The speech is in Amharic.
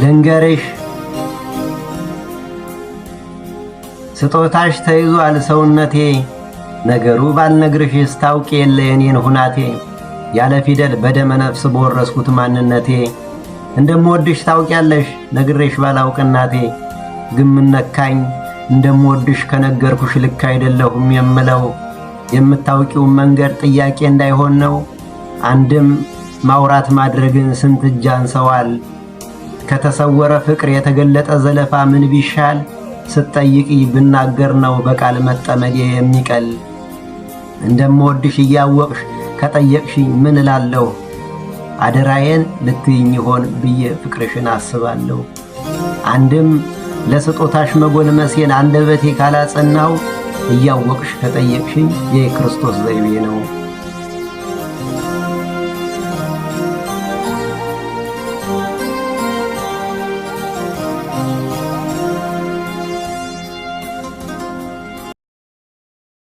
ልንገርሽ ስጦታሽ ተይዟል ሰውነቴ ነገሩ ባልነግርሽስ ታውቂ የለ የኔን ሁናቴ ያለ ፊደል በደመ ነፍስ በወረስኩት ማንነቴ እንደምወድሽ ታውቂያለሽ ነግሬሽ ባላውቅ እናቴ ግምነካኝ እንደምወድሽ ከነገርኩሽ ልክ አይደለሁም የምለው የምታውቂውን መንገድ ጥያቄ እንዳይሆን ነው። አንድም ማውራት ማድረግን ስንት እጅ አንሰዋል። ከተሰወረ ፍቅር የተገለጠ ዘለፋ ምን ቢሻል ስትጠይቅኝ ብናገር ነው በቃል መጠመዴ የሚቀል እንደምወድሽ እያወቅሽ ከጠየቅሽኝ ምን እላለሁ አደራዬን ልትይኝ ይሆን ብዬ ፍቅርሽን አስባለሁ አንድም ለስጦታሽ መጎልመሴን አንደበቴ ካላጸናው እያወቅሽ ከጠየቅሽኝ የክርስቶስ ዘይቤ ነው